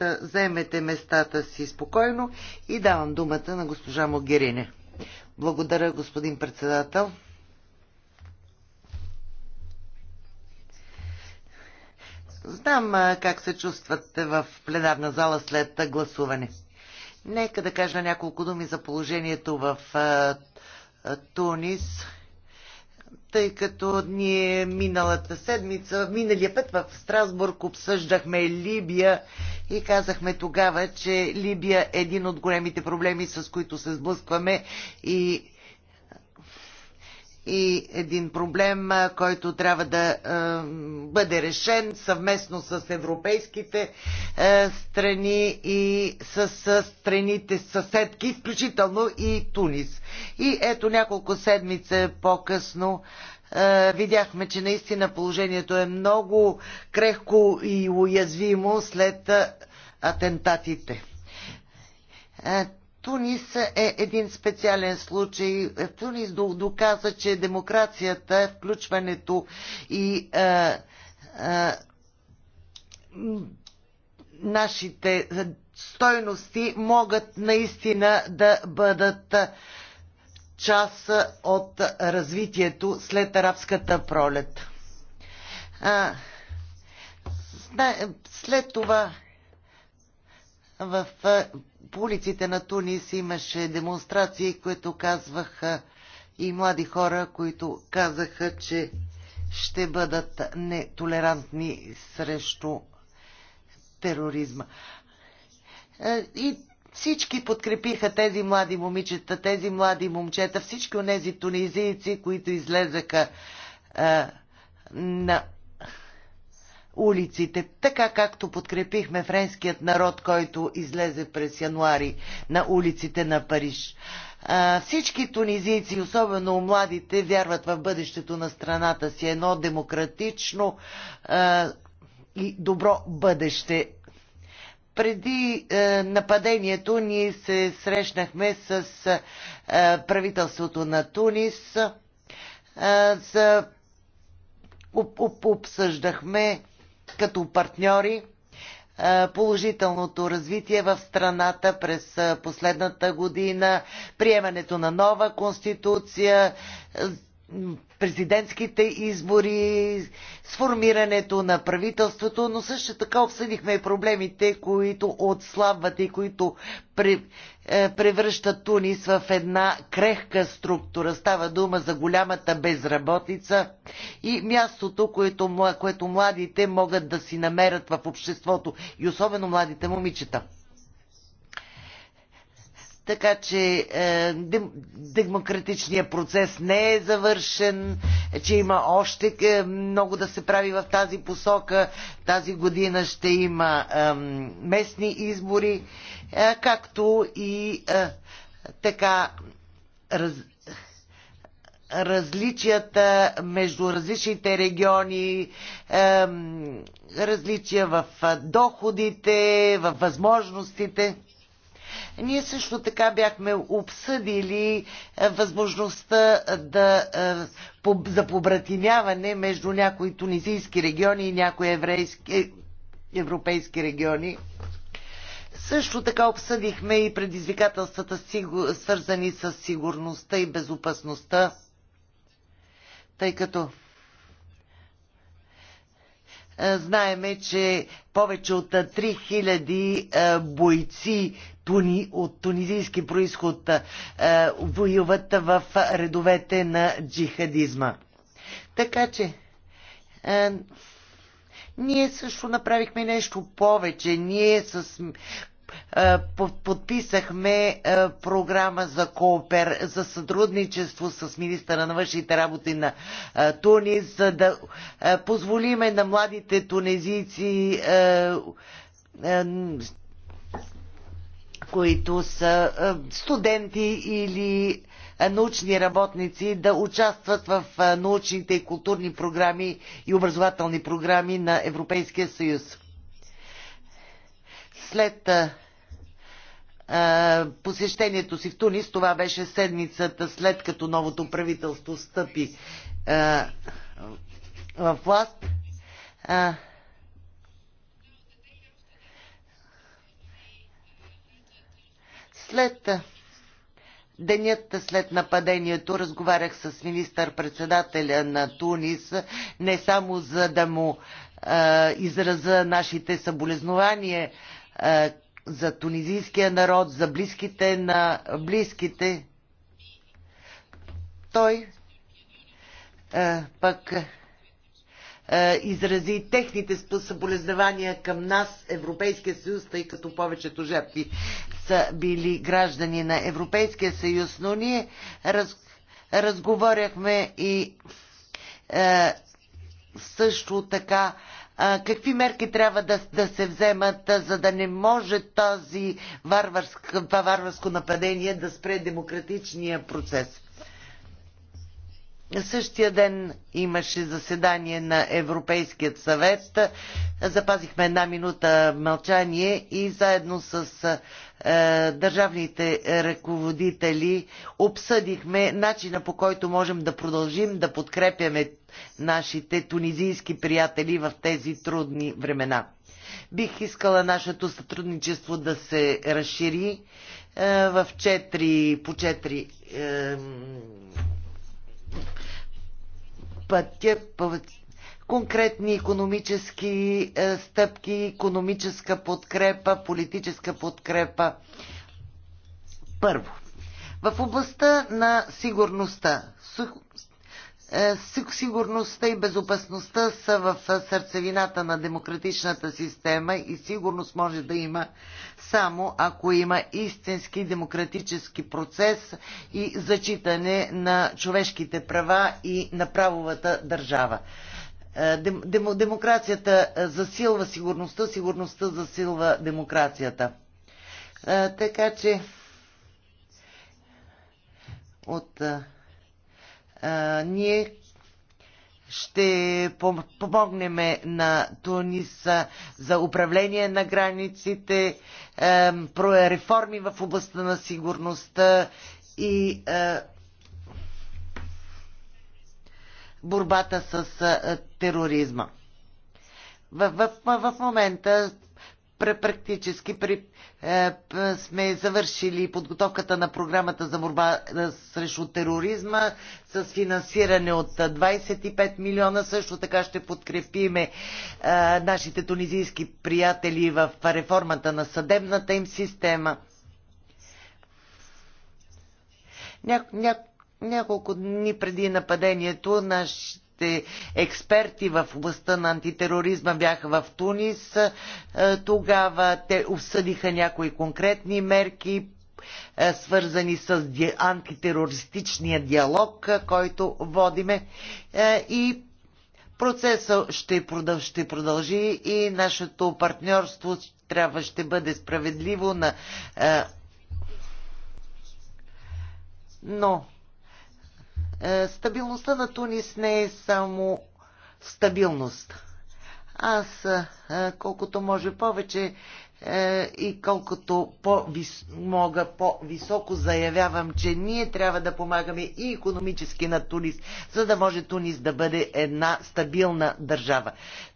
да е, местата си спокойно и давам думата на госпожа Могерине. Благодаря, господин председател. Знам е, как се чувствате в пленарна зала след гласуване. Нека да кажа няколко думи за положението в е, Тунис тъй като ние миналата седмица, миналия път в Страсбург обсъждахме Либия и казахме тогава, че Либия е един от големите проблеми, с които се сблъскваме и и един проблем, който трябва да бъде решен съвместно с европейските страни и с страните съседки, включително и Тунис. И ето няколко седмица по-късно видяхме, че наистина положението е много крехко и уязвимо след атентатите Тунис е един специален случай. Тунис доказа, че демокрацията, включването и а, е, а, е, нашите стойности могат наистина да бъдат част от развитието след арабската пролет. А, след това в по улиците на Тунис имаше демонстрации, които казваха и млади хора, които казаха, че ще бъдат нетолерантни срещу тероризма. И всички подкрепиха тези млади момичета, тези млади момчета, всички от тези тунизийци, които излезаха а, на улиците, така както подкрепихме френският народ, който излезе през януари на улиците на Париж. А, всички тунизийци, особено младите, вярват в бъдещето на страната си, едно демократично а, и добро бъдеще. Преди е, нападението ние се срещнахме с е, правителството на Тунис, е, за, об, об, обсъждахме като партньори е, положителното развитие в страната през е, последната година, приемането на нова конституция, президентските избори, сформирането на правителството, но също така обсъдихме и проблемите, които отслабват и които е, превръщат Тунис в една крехка структура. Става дума за голямата безработица и мястото, което, което младите могат да си намерят в обществото и особено младите момичета така че е, демократичният процес не е завършен, че има още е, много да се прави в тази посока. Тази година ще има е, местни избори, е, както и е, така раз, различията между различните региони, е, различия в доходите, в възможностите. Ние също така бяхме обсъдили е, възможността е, да, е, за побратимяване между някои тунизийски региони и някои еврейски, европейски региони. Също така обсъдихме и предизвикателствата, свързани с сигурността и безопасността, тъй като е, знаеме, че повече от 3000 е, е, бойци туни, от тунизийски происход воюват в редовете на джихадизма. Така че ние също направихме нещо повече. Ние с е, подписахме е, програма за, коопер, за сътрудничество с министъра на външните работи на е, Тунис, за да позволиме на младите тунезийци, които са студенти или научни работници да участват в научните и културни програми и образователни програми на Европейския съюз след посещението си в Тунис, това беше седмицата след като новото правителство стъпи в власт. След денят след нападението разговарях с министър-председателя на Тунис, не само за да му израза нашите съболезнования, е, за тунизийския народ, за близките на близките. Той е, пък е, изрази техните съболезнования към нас, Европейския съюз, тъй като повечето жертви са били граждани на Европейския съюз, но ние раз, разговаряхме и е, също така какви мерки трябва да, да се вземат, за да не може този варварск, това варварско нападение да спре демократичния процес. Същия ден имаше заседание на Европейският съвет. Запазихме една минута мълчание и заедно с е, държавните ръководители обсъдихме начина по който можем да продължим да подкрепяме нашите тунизийски приятели в тези трудни времена. Бих искала нашето сътрудничество да се разшири е, в четири по четири е, пътя, конкретни економически е, стъпки, економическа подкрепа, политическа подкрепа. Първо, в областта на сигурността. Е, сигурността и безопасността са в сърцевината на демократичната система и сигурност може да има само ако има истински демократически процес и зачитане на човешките права и на правовата държава. Е, дем, демокрацията е, засилва сигурността, сигурността засилва демокрацията. Е, така че от а, ние ще помогнем на Туниса за управление на границите, реформи в областта на сигурността и борбата с тероризма. В, в, в момента практически при, е, сме завършили подготовката на програмата за борба е, срещу тероризма с финансиране от 25 милиона. Също така ще подкрепиме е, нашите тунизийски приятели в реформата на съдебната им система. Ня, ня, няколко дни преди нападението наш, нашите експерти в областта на антитероризма бяха в Тунис. Е, тогава те обсъдиха някои конкретни мерки, е, свързани с антитерористичния диалог, е, който водиме. И процесът ще, продъл, ще продължи и нашето партньорство трябва ще бъде справедливо на. Но е, стабилността на Тунис не е само стабилност. Аз е, колкото може повече е, и колкото по мога по-високо заявявам, че ние трябва да помагаме и економически на Тунис, за да може Тунис да бъде една стабилна държава.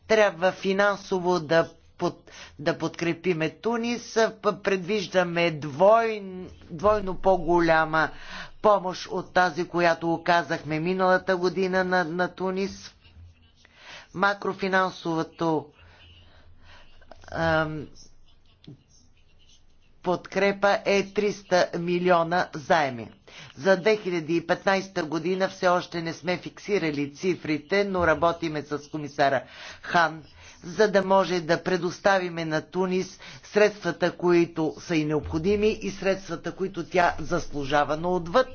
Трябва финансово да под, да подкрепиме Тунис. Предвиждаме двой, двойно по-голяма помощ от тази, която оказахме миналата година на, на Тунис. Макрофинансовото ам, подкрепа е 300 милиона заеми. За 2015 година все още не сме фиксирали цифрите, но работиме с комисара Хан за да може да предоставиме на Тунис средствата, които са и необходими и средствата, които тя заслужава. Но отвъд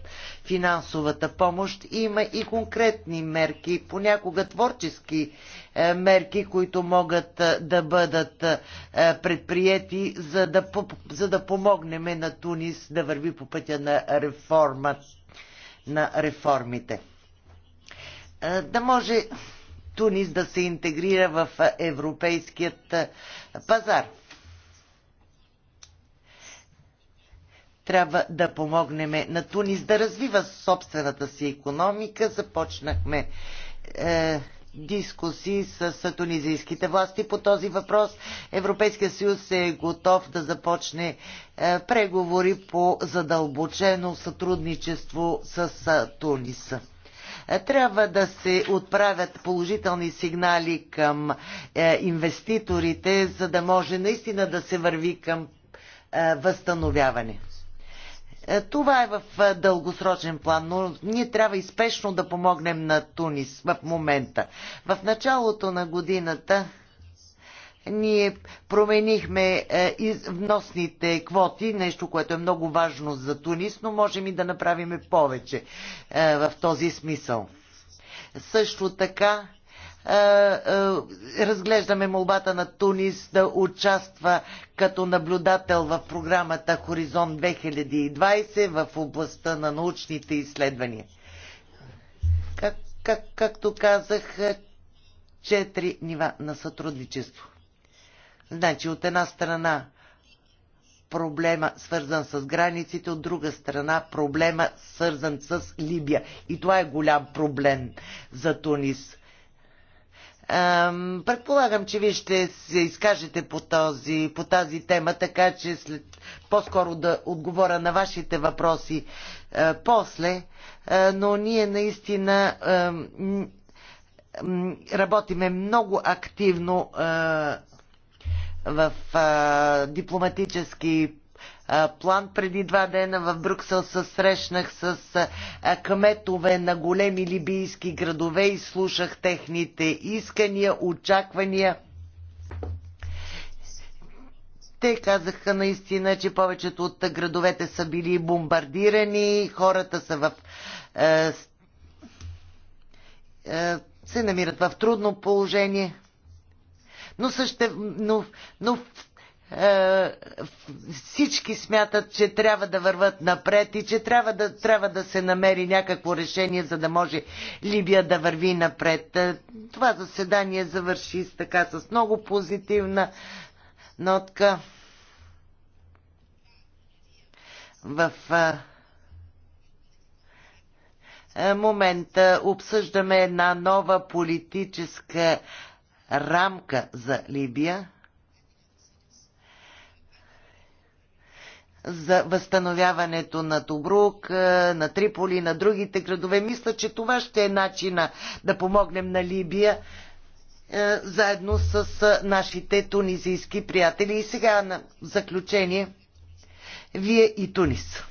финансовата помощ има и конкретни мерки, понякога творчески е, мерки, които могат е, да бъдат е, предприяти, за да, за да помогнем на Тунис да върви по пътя на, реформа, на реформите. Да може Тунис да се интегрира в европейският пазар. Трябва да помогнем на Тунис да развива собствената си економика. Започнахме е, дискусии с тунизийските власти по този въпрос. Европейския съюз е готов да започне е, преговори по задълбочено сътрудничество с Туниса. Трябва да се отправят положителни сигнали към е, инвеститорите, за да може наистина да се върви към е, възстановяване. Е, това е в дългосрочен план, но ние трябва и спешно да помогнем на Тунис в момента. В началото на годината ние променихме е, вносните квоти, нещо, което е много важно за Тунис, но можем и да направим повече е, в този смисъл. Също така е, разглеждаме молбата на Тунис да участва като наблюдател в програмата Хоризонт 2020 в областта на научните изследвания. Как, как, както казах, четири нива на сътрудничество. Значи от една страна проблема свързан с границите, от друга страна проблема свързан с Либия. И това е голям проблем за Тунис. Ем, предполагам, че вие ще се изкажете по, този, по тази тема, така че след, по-скоро да отговоря на вашите въпроси е, после, е, но ние наистина е, работиме много активно е, в а, дипломатически а, план. Преди два дена в Брюксел се срещнах с а, кметове на големи либийски градове и слушах техните искания, очаквания. Те казаха наистина, че повечето от градовете са били бомбардирани, хората са в. А, се намират в трудно положение но, съще, но, но е, всички смятат, че трябва да върват напред и че трябва да, трябва да се намери някакво решение, за да може Либия да върви напред. Е, това заседание завърши с така с много позитивна нотка. В е, момента обсъждаме една нова политическа рамка за Либия, за възстановяването на Тобрук, е, на Триполи, на другите градове. Мисля, че това ще е начина да помогнем на Либия е, заедно с е, нашите тунизийски приятели. И сега на заключение, вие и Тунис.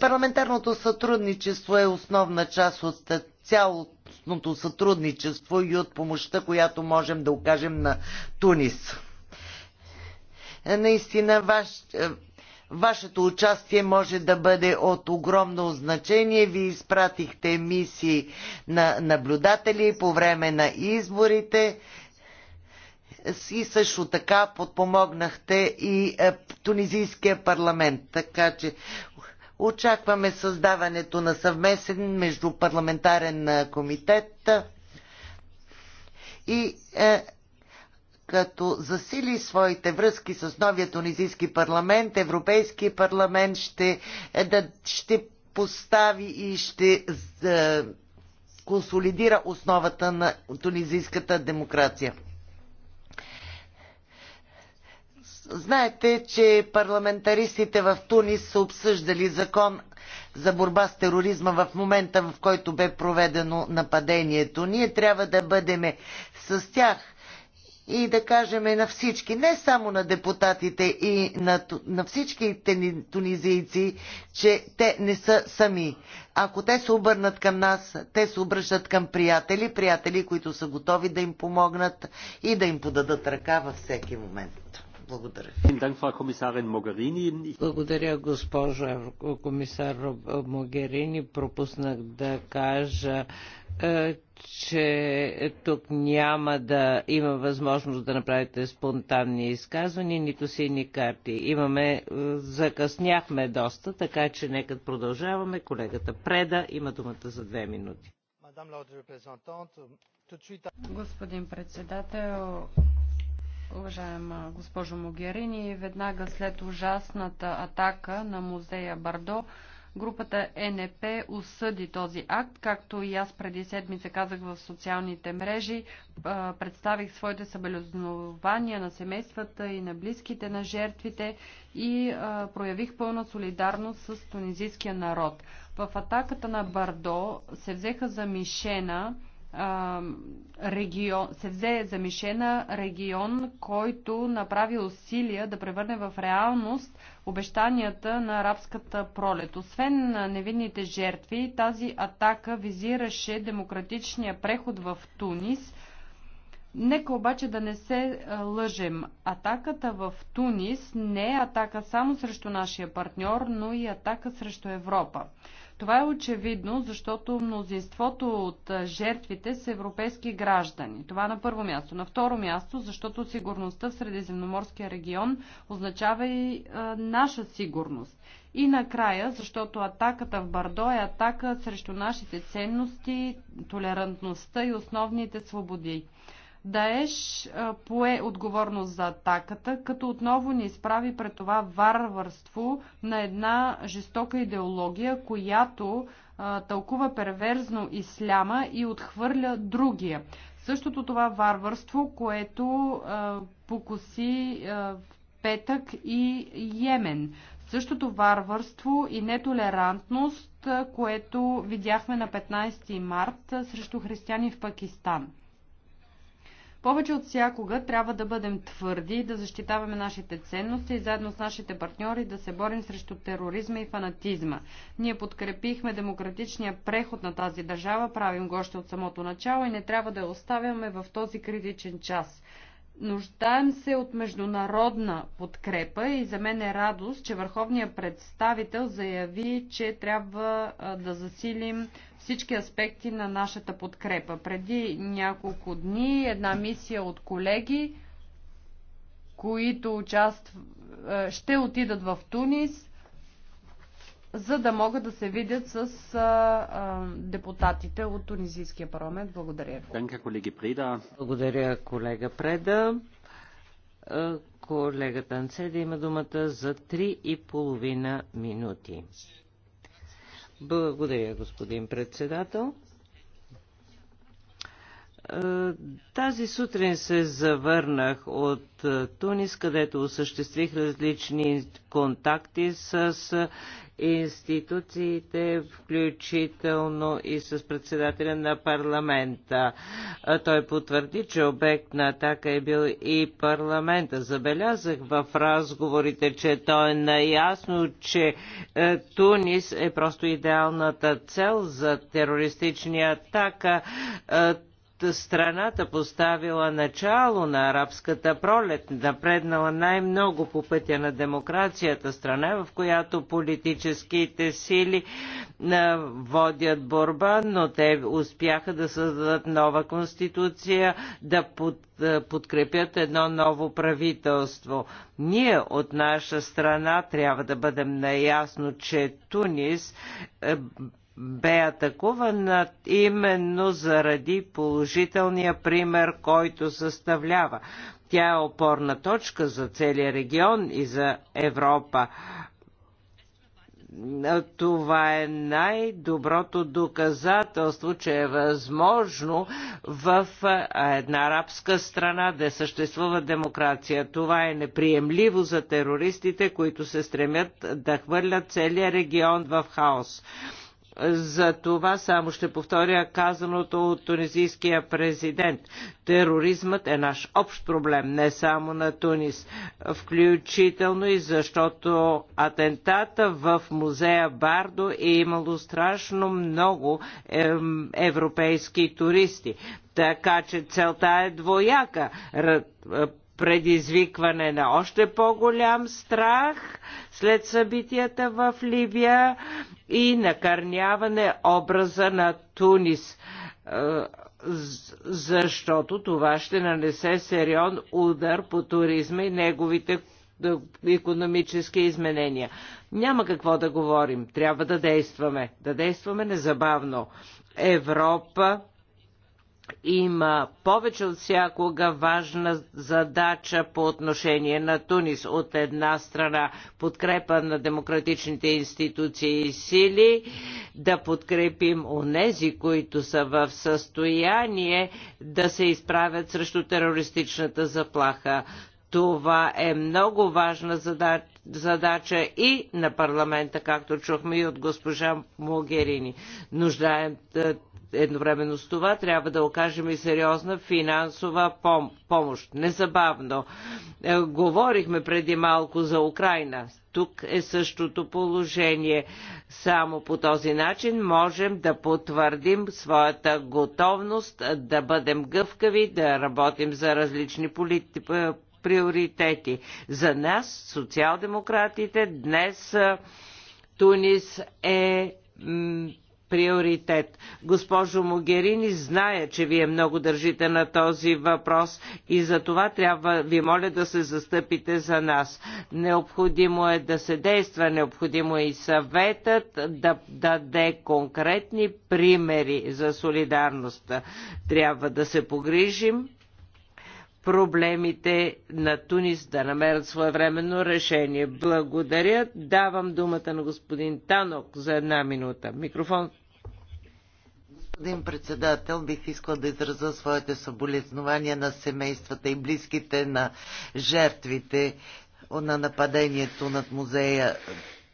Парламентарното сътрудничество е основна част от цялото международното сътрудничество и от помощта, която можем да окажем на Тунис. Наистина, ваш, е, вашето участие може да бъде от огромно значение. Вие изпратихте мисии на наблюдатели по време на изборите и също така подпомогнахте и е, тунизийския парламент. Така че Очакваме създаването на съвместен междупарламентарен комитет и е, като засили своите връзки с новия тунизийски парламент, Европейски парламент ще, е, да, ще постави и ще е, консолидира основата на тунизийската демокрация. Знаете, че парламентаристите в Тунис са обсъждали закон за борба с тероризма в момента, в който бе проведено нападението. Ние трябва да бъдем с тях и да кажем на всички, не само на депутатите и на, на всичките тунизийци, че те не са сами. Ако те се обърнат към нас, те се обръщат към приятели, приятели, които са готови да им помогнат и да им подадат ръка във всеки момент. Благодаря. госпожо комисар Могерини. Пропуснах да кажа, е, че тук няма да има възможност да направите спонтанни изказвания, нито сини карти. Имаме, е, закъсняхме доста, така че нека продължаваме. Колегата Преда има думата за две минути. Господин председател, Уважаема госпожо Могерини, веднага след ужасната атака на музея Бардо, групата НП осъди този акт, както и аз преди седмица казах в социалните мрежи, представих своите събелезнования на семействата и на близките на жертвите и проявих пълна солидарност с тунизийския народ. В атаката на Бардо се взеха за мишена регион, се взе за мишена регион, който направи усилия да превърне в реалност обещанията на арабската пролет. Освен невинните жертви, тази атака визираше демократичния преход в Тунис. Нека обаче да не се лъжем. Атаката в Тунис не е атака само срещу нашия партньор, но и атака срещу Европа. Това е очевидно, защото мнозинството от жертвите са европейски граждани. Това на първо място. На второ място, защото сигурността в Средиземноморския регион означава и а, наша сигурност. И накрая, защото атаката в Бардо е атака срещу нашите ценности, толерантността и основните свободи. Даеш пое отговорност за атаката, като отново ни изправи пред това варварство на една жестока идеология, която а, тълкува перверзно исляма и отхвърля другия. Същото това варварство, което а, покуси а, в петък и Йемен. Същото варварство и нетолерантност, което видяхме на 15 март срещу християни в Пакистан. Повече от всякога трябва да бъдем твърди, да защитаваме нашите ценности и заедно с нашите партньори да се борим срещу тероризма и фанатизма. Ние подкрепихме демократичния преход на тази държава, правим го още от самото начало и не трябва да я оставяме в този критичен час. Нуждаем се от международна подкрепа и за мен е радост, че върховният представител заяви, че трябва да засилим всички аспекти на нашата подкрепа. Преди няколко дни една мисия от колеги, които участв... ще отидат в Тунис – за да могат да се видят с а, а, депутатите от Тунизийския парламент. Благодаря Преда. Благодаря, колега Преда. Колегата Анцеда има думата за 3 и половина минути. Благодаря, господин председател. Тази сутрин се завърнах от Тунис, където осъществих различни контакти с институциите, включително и с председателя на парламента. Той потвърди, че обект на атака е бил и парламента. Забелязах в разговорите, че той е наясно, че е, Тунис е просто идеалната цел за терористичния атака. Е, страната поставила начало на арабската пролет, напреднала най-много по пътя на демокрацията, страна в която политическите сили водят борба, но те успяха да създадат нова конституция, да под, подкрепят едно ново правителство. Ние от наша страна трябва да бъдем наясно, че Тунис бе атакувана именно заради положителния пример, който съставлява. Тя е опорна точка за целия регион и за Европа. Това е най-доброто доказателство, че е възможно в една арабска страна да съществува демокрация. Това е неприемливо за терористите, които се стремят да хвърлят целия регион в хаос. За това само ще повторя казаното от тунизийския президент. Тероризмът е наш общ проблем, не само на Тунис. Включително и защото атентата в музея Бардо е имало страшно много европейски туристи. Така че целта е двояка е, предизвикване на още по-голям страх след събитията в Ливия и накърняване образа на Тунис е, защото това ще нанесе серион удар по туризма и неговите економически изменения. Няма какво да говорим. Трябва да действаме. Да действаме незабавно. Европа има повече от всякога важна задача по отношение на Тунис. От една страна подкрепа на демократичните институции и сили, да подкрепим онези, които са в състояние да се изправят срещу терористичната заплаха. Това е много важна задача, и на парламента, както чухме и от госпожа Могерини. Нуждаем едновременно с това трябва да окажем и сериозна финансова пом- помощ. Незабавно. Е, говорихме преди малко за Украина. Тук е същото положение. Само по този начин можем да потвърдим своята готовност да бъдем гъвкави, да работим за различни полит... Е, приоритети. За нас, социал-демократите, днес е, Тунис е приоритет. Госпожо Могерини, зная, че вие много държите на този въпрос и за това трябва ви моля да се застъпите за нас. Необходимо е да се действа, необходимо е и съветът да даде конкретни примери за солидарност. Трябва да се погрижим проблемите на Тунис да намерят своевременно решение. Благодаря. Давам думата на господин Танок за една минута. Микрофон Господин председател, бих искал да изразя своите съболезнования на семействата и близките на жертвите на нападението над музея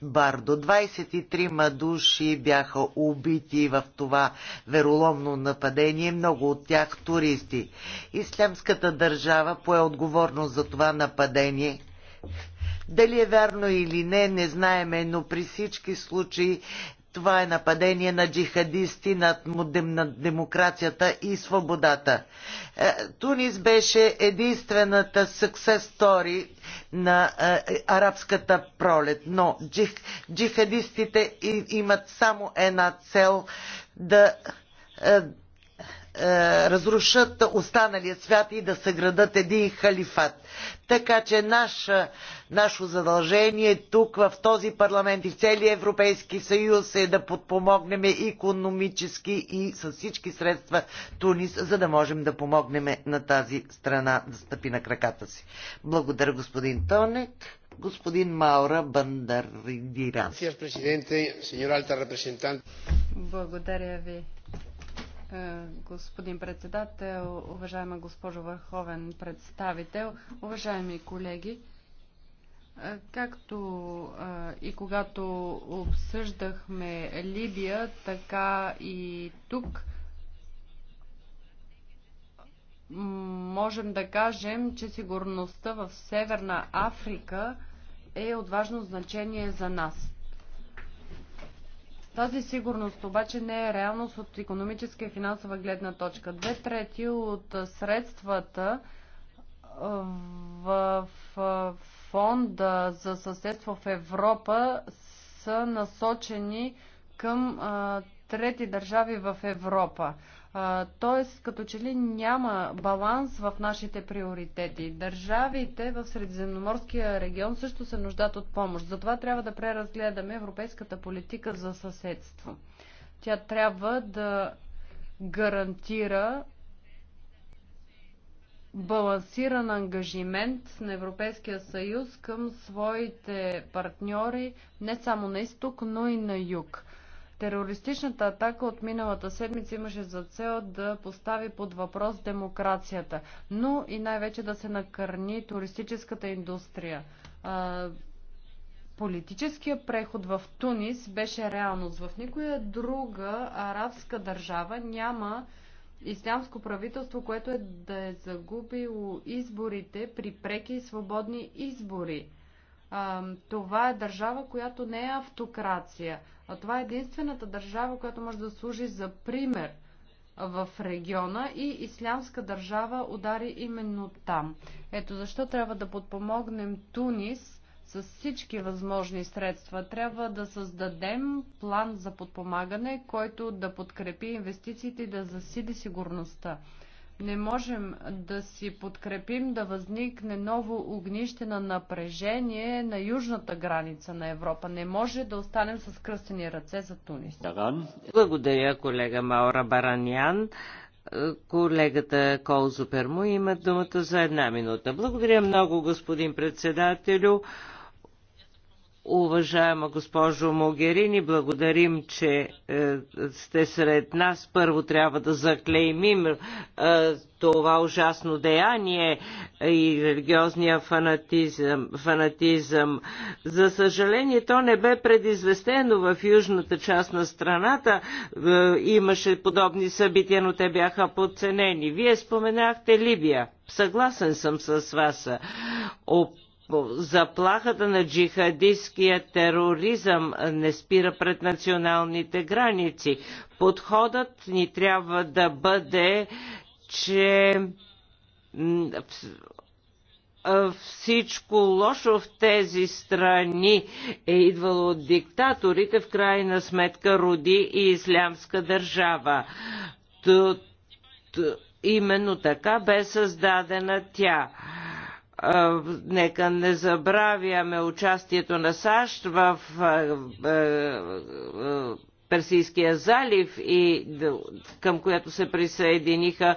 Бардо. 23 души бяха убити в това вероломно нападение, много от тях туристи. Ислямската държава пое отговорност за това нападение. Дали е вярно или не, не знаеме, но при всички случаи това е нападение на джихадисти над, демокрацията и свободата. Е, Тунис беше единствената success story на е, арабската пролет, но джих, джихадистите имат само една цел да е, е, разрушат останалия свят и да съградат един халифат. Така че наша, е, наше задължение тук в този парламент и в целия Европейски съюз е да подпомогнем икономически и с всички средства Тунис, за да можем да помогнем на тази страна да стъпи на краката си. Благодаря господин Тонек. Господин Маура Бандаридиран. Благодаря ви, е, господин председател, уважаема госпожо върховен представител, уважаеми колеги. Е, както е, и когато обсъждахме Либия, така и тук можем да кажем, че сигурността в Северна Африка е от важно значение за нас. Тази сигурност обаче не е реалност от економическа и финансова гледна точка. Две трети от средствата в фонда за съседство в Европа са насочени към трети държави в Европа. Тоест, като че ли няма баланс в нашите приоритети. Държавите в Средиземноморския регион също се нуждат от помощ. Затова трябва да преразгледаме европейската политика за съседство. Тя трябва да гарантира балансиран ангажимент на Европейския съюз към своите партньори не само на изток, но и на юг. Терористичната атака от миналата седмица имаше за цел да постави под въпрос демокрацията, но и най-вече да се накърни туристическата индустрия. Политическия преход в Тунис беше реалност. В никоя друга арабска държава няма ислямско правителство, което е да е загубило изборите при преки и свободни избори това е държава, която не е автокрация, а това е единствената държава, която може да служи за пример в региона и ислямска държава удари именно там. Ето защо трябва да подпомогнем Тунис с всички възможни средства. Трябва да създадем план за подпомагане, който да подкрепи инвестициите и да засили сигурността не можем да си подкрепим да възникне ново огнище на напрежение на южната граница на Европа. Не може да останем с кръстени ръце за Тунис. Благодаря, колега Маура Баранян. Колегата Колзупер му има думата за една минута. Благодаря много, господин председателю. Уважаема госпожо Могерини, благодарим, че е, сте сред нас. Първо трябва да заклеймим е, това ужасно деяние и религиозния фанатизъм, фанатизъм. За съжаление, то не бе предизвестено в южната част на страната. Е, имаше подобни събития, но те бяха подценени. Вие споменахте Либия. Съгласен съм с вас заплахата на джихадистския тероризъм не спира пред националните граници. Подходът ни трябва да бъде, че всичко лошо в тези страни е идвало от диктаторите, в крайна сметка роди и ислямска държава. Т, т, именно така бе създадена тя нека не забравяме участието на САЩ в Персийския залив и към която се присъединиха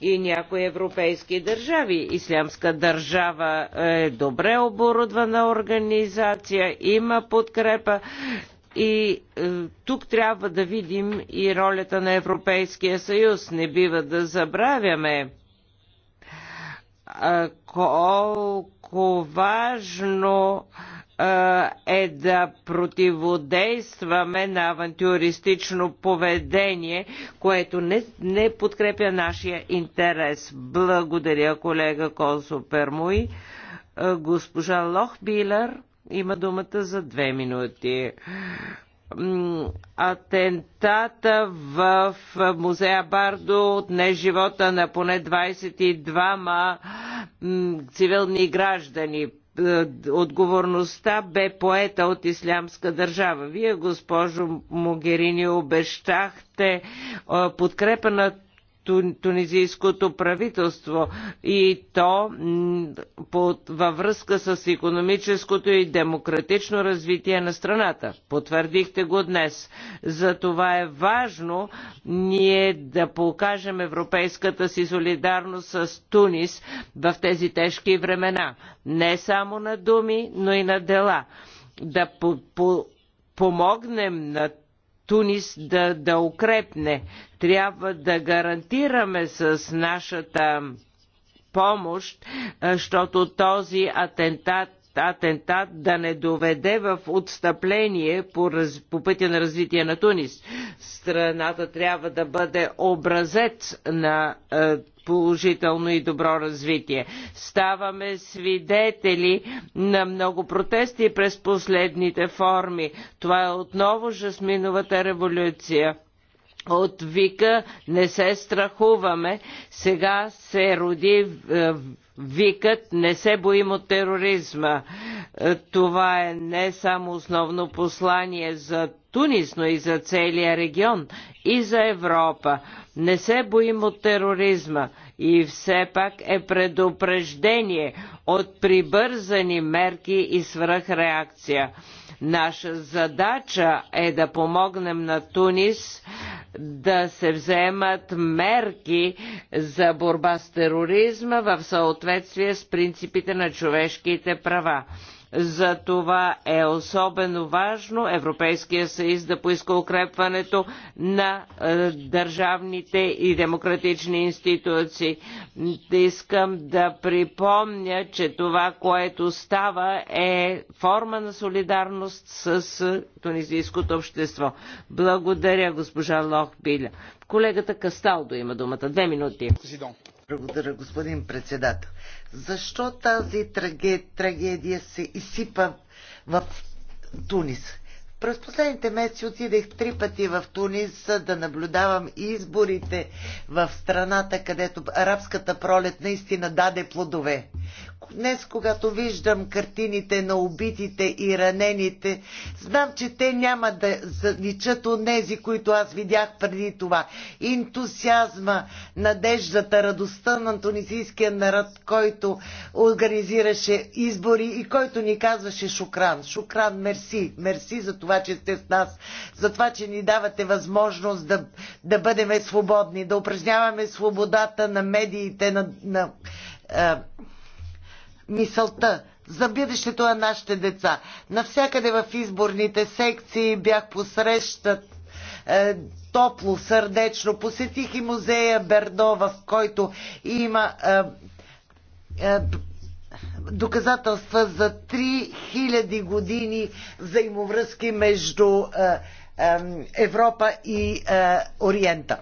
и някои европейски държави. Ислямска държава е добре оборудвана организация, има подкрепа и е, тук трябва да видим и ролята на Европейския съюз. Не бива да забравяме колко важно е да противодействаме на авантюристично поведение, което не, не подкрепя нашия интерес. Благодаря, колега Консо Пермуй. Госпожа Лохбилер има думата за две минути атентата в музея Бардо отне живота на поне 22 цивилни граждани. Е, отговорността бе поета от Ислямска държава. Вие, госпожо Могерини, обещахте е, подкрепа на тунизийското правителство и то във връзка с економическото и демократично развитие на страната. Потвърдихте го днес. Затова е важно ние да покажем европейската си солидарност с Тунис в тези тежки времена. Не само на думи, но и на дела. Да по, по, помогнем на Тунис да, да укрепне. Трябва да гарантираме с нашата помощ, защото този атентат атентат да не доведе в отстъпление по, раз, по пътя на развитие на Тунис. Страната трябва да бъде образец на е, положително и добро развитие. Ставаме свидетели на много протести през последните форми. Това е отново жасминовата революция. От вика не се страхуваме, сега се роди е, викът не се боим от тероризма. Е, това е не само основно послание за Тунис, но и за целия регион и за Европа. Не се боим от тероризма и все пак е предупреждение от прибързани мерки и свръхреакция. Наша задача е да помогнем на Тунис да се вземат мерки за борба с тероризма в съответствие с принципите на човешките права. За това е особено важно Европейския съюз да поиска укрепването на е, държавните и демократични институции. Искам да припомня, че това, което става е форма на солидарност с е, тунизийското общество. Благодаря, госпожа Лохбиля. Колегата Касталдо има думата. Две минути. Благодаря, господин председател. Защо тази трагедия се изсипа в Тунис? През последните месеци отидех три пъти в Тунис да наблюдавам изборите в страната, където арабската пролет наистина даде плодове. Днес, когато виждам картините на убитите и ранените, знам, че те няма да заличат онези, които аз видях преди това. Ентусиазма, надеждата, радостта на тунисийския народ, който организираше избори и който ни казваше Шукран. Шукран, мерси. Мерси за това, че сте с нас, за това, че ни давате възможност да, да бъдем свободни, да упражняваме свободата на медиите, на, на мисълта за бъдещето на нашите деца. Навсякъде в изборните секции бях посрещат е, топло, сърдечно. Посетих и музея Бердо, в който има е, е, доказателства за 3000 години взаимовръзки между е, е, Европа и е, Ориента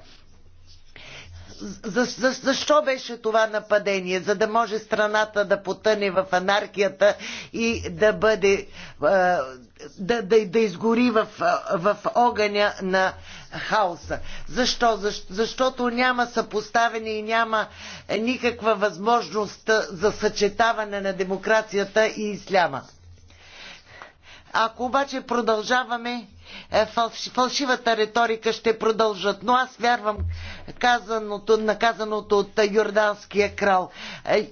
за, за, защо беше това нападение? За да може страната да потъне в анархията и да бъде. да, да, да изгори в, в огъня на хаоса. Защо? Защо? Защото няма съпоставяне и няма никаква възможност за съчетаване на демокрацията и исляма. Ако обаче продължаваме, е, фалшивата риторика ще продължат. Но аз вярвам казаното, наказаното от Йорданския крал. Е,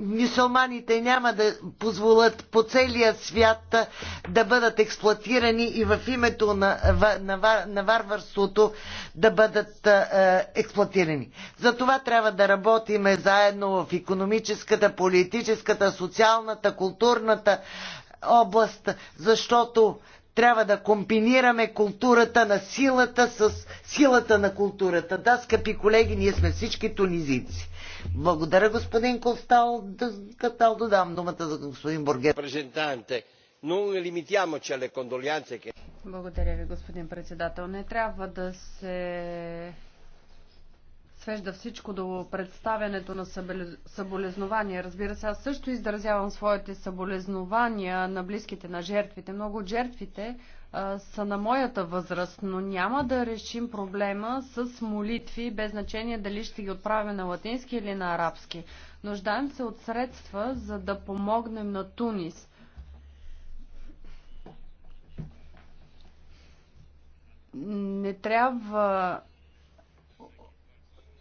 Мисулманите няма да позволят по целия свят е, да бъдат експлуатирани и в името на, на, на варварството да бъдат е, експлуатирани. За това трябва да работиме заедно в економическата, политическата, социалната, културната област, защото трябва да комбинираме културата на силата с силата на културата. Да, скъпи колеги, ние сме всички тунизици. Благодаря, господин Костал. Костал, додам думата за господин Презентанте, но не Боргет. Благодаря ви, господин председател. Не трябва да се свежда всичко до представянето на съболезнования. Разбира се, аз също изразявам своите съболезнования на близките на жертвите. Много жертвите а, са на моята възраст, но няма да решим проблема с молитви, без значение дали ще ги отправим на латински или на арабски. Нуждаем се от средства, за да помогнем на Тунис. Не трябва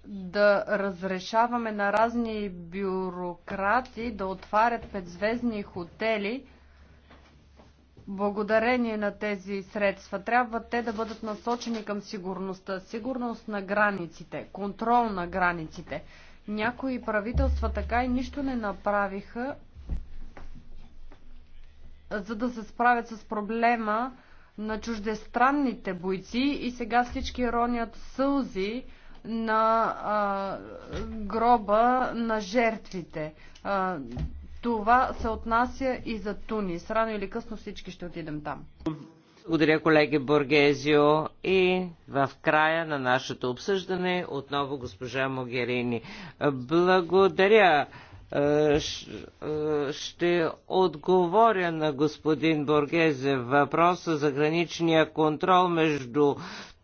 да разрешаваме на разни бюрократи да отварят петзвездни хотели благодарение на тези средства. Трябва те да бъдат насочени към сигурността, сигурност на границите, контрол на границите. Някои правителства така и нищо не направиха, за да се справят с проблема на чуждестранните бойци и сега всички ронят сълзи на а, гроба на жертвите. А, това се отнася и за Тунис. Рано или късно всички ще отидем там. Благодаря, колеги Боргезио. И в края на нашето обсъждане отново госпожа Могерини. Благодаря ще отговоря на господин Боргезе въпроса за граничния контрол между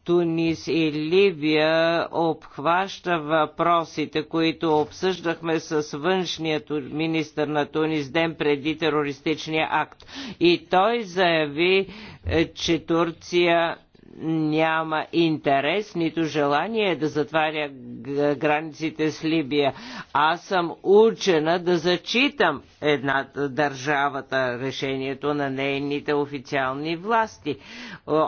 Тунис и Ливия обхваща въпросите, които обсъждахме с външният министр на Тунис ден преди терористичния акт. И той заяви, е, че Турция няма интерес, нито желание да затваря границите с Либия. Аз съм учена да зачитам една държавата, решението на нейните официални власти.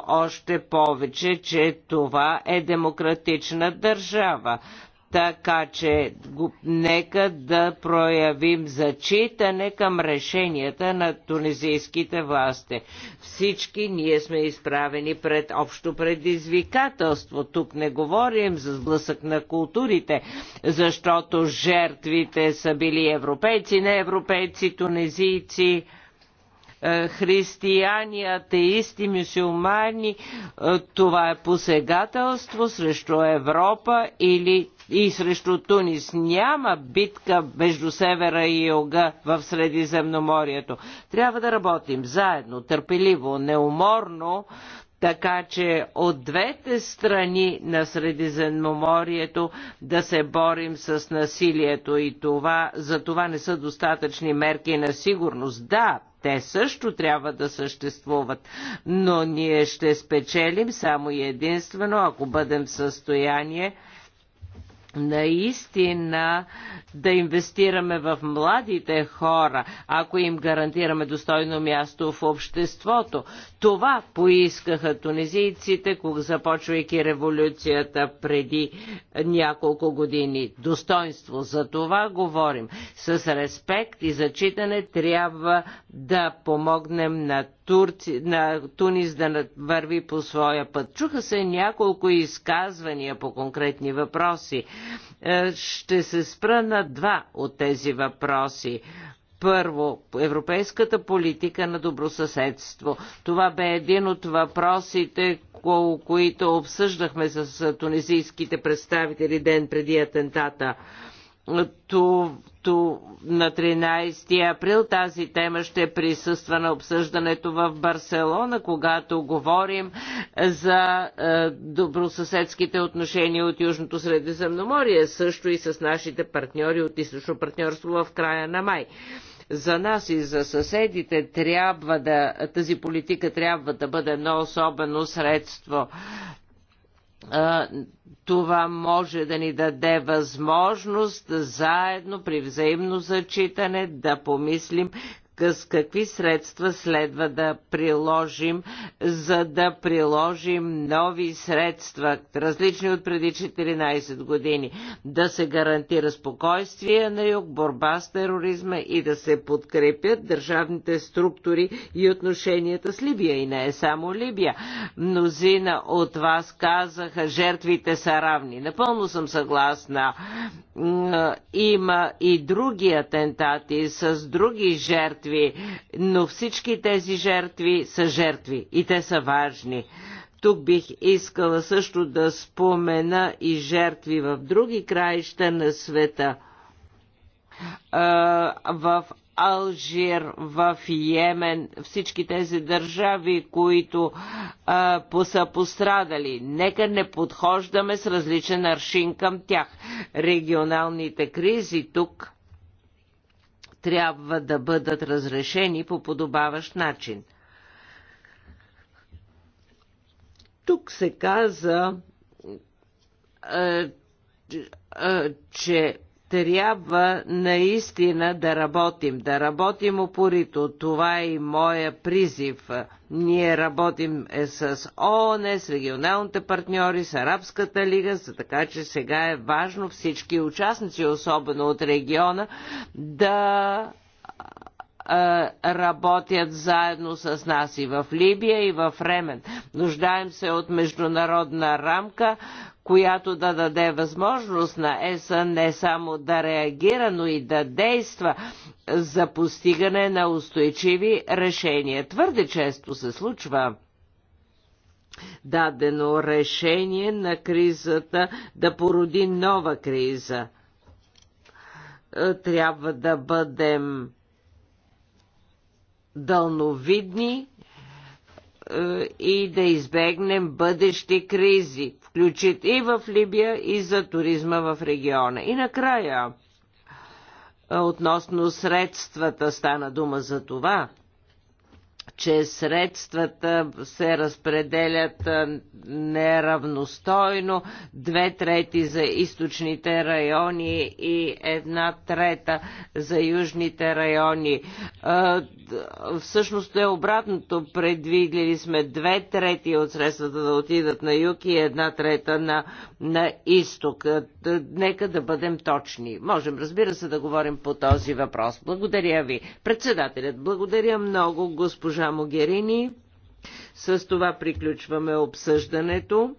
Още повече, че това е демократична държава. Така че нека да проявим зачитане към решенията на тунизийските власти. Всички ние сме изправени пред общо предизвикателство. Тук не говорим за сблъсък на културите, защото жертвите са били европейци, не европейци, тунизийци е, християни, атеисти, мюсюлмани, е, това е посегателство срещу Европа или и срещу Тунис. Няма битка между севера и юга в Средиземноморието. Трябва да работим заедно, търпеливо, неуморно, така че от двете страни на Средиземноморието да се борим с насилието и това, за това не са достатъчни мерки на сигурност. Да, те също трябва да съществуват, но ние ще спечелим само единствено, ако бъдем в състояние наистина да инвестираме в младите хора, ако им гарантираме достойно място в обществото. Това поискаха тунизийците, кога започвайки революцията преди няколко години. Достоинство. За това говорим. С респект и зачитане трябва да помогнем на Турци, на Тунис да върви по своя път. Чуха се няколко изказвания по конкретни въпроси. Е, ще се спра на два от тези въпроси. Първо, европейската политика на добросъседство. Това бе един от въпросите, които обсъждахме с тунизийските представители ден преди атентата. Е, както на 13 април тази тема ще присъства на обсъждането в Барселона, когато говорим за е, добросъседските отношения от Южното Средиземноморие, също и с нашите партньори от Източно партньорство в края на май за нас и за съседите трябва да, тази политика трябва да бъде едно особено средство това може да ни даде възможност заедно при взаимно зачитане да помислим с какви средства следва да приложим, за да приложим нови средства, различни от преди 14 години, да се гарантира спокойствие на юг, борба с тероризма и да се подкрепят държавните структури и отношенията с Либия. И не е само Либия. Мнозина от вас казаха, жертвите са равни. Напълно съм съгласна има и други атентати с други жертви, но всички тези жертви са жертви и те са важни. Тук бих искала също да спомена и жертви в други краища на света. В Алжир, в Йемен, всички тези държави, които а, са пострадали. Нека не подхождаме с различен аршин към тях. Регионалните кризи тук трябва да бъдат разрешени по подобаващ начин. Тук се каза, а, че трябва наистина да работим, да работим опорито. Това е и моя призив. Ние работим е с ООН, с регионалните партньори, с Арабската лига, за така че сега е важно всички участници, особено от региона, да работят заедно с нас и в Либия, и в Ремен. Нуждаем се от международна рамка, която да даде възможност на ЕСА не само да реагира, но и да действа за постигане на устойчиви решения. Твърде често се случва дадено решение на кризата да породи нова криза. Е, трябва да бъдем дълновидни е, и да избегнем бъдещи кризи включит и в Либия, и за туризма в региона. И накрая, относно средствата, стана дума за това – че средствата се разпределят неравностойно, две трети за източните райони и една трета за южните райони. Всъщност е обратното. Предвидели сме две трети от средствата да отидат на юг и една трета на, на изток. Нека да бъдем точни. Можем, разбира се, да говорим по този въпрос. Благодаря ви. Председателят, благодаря много, госпожа госпожа Могерини. С това приключваме обсъждането.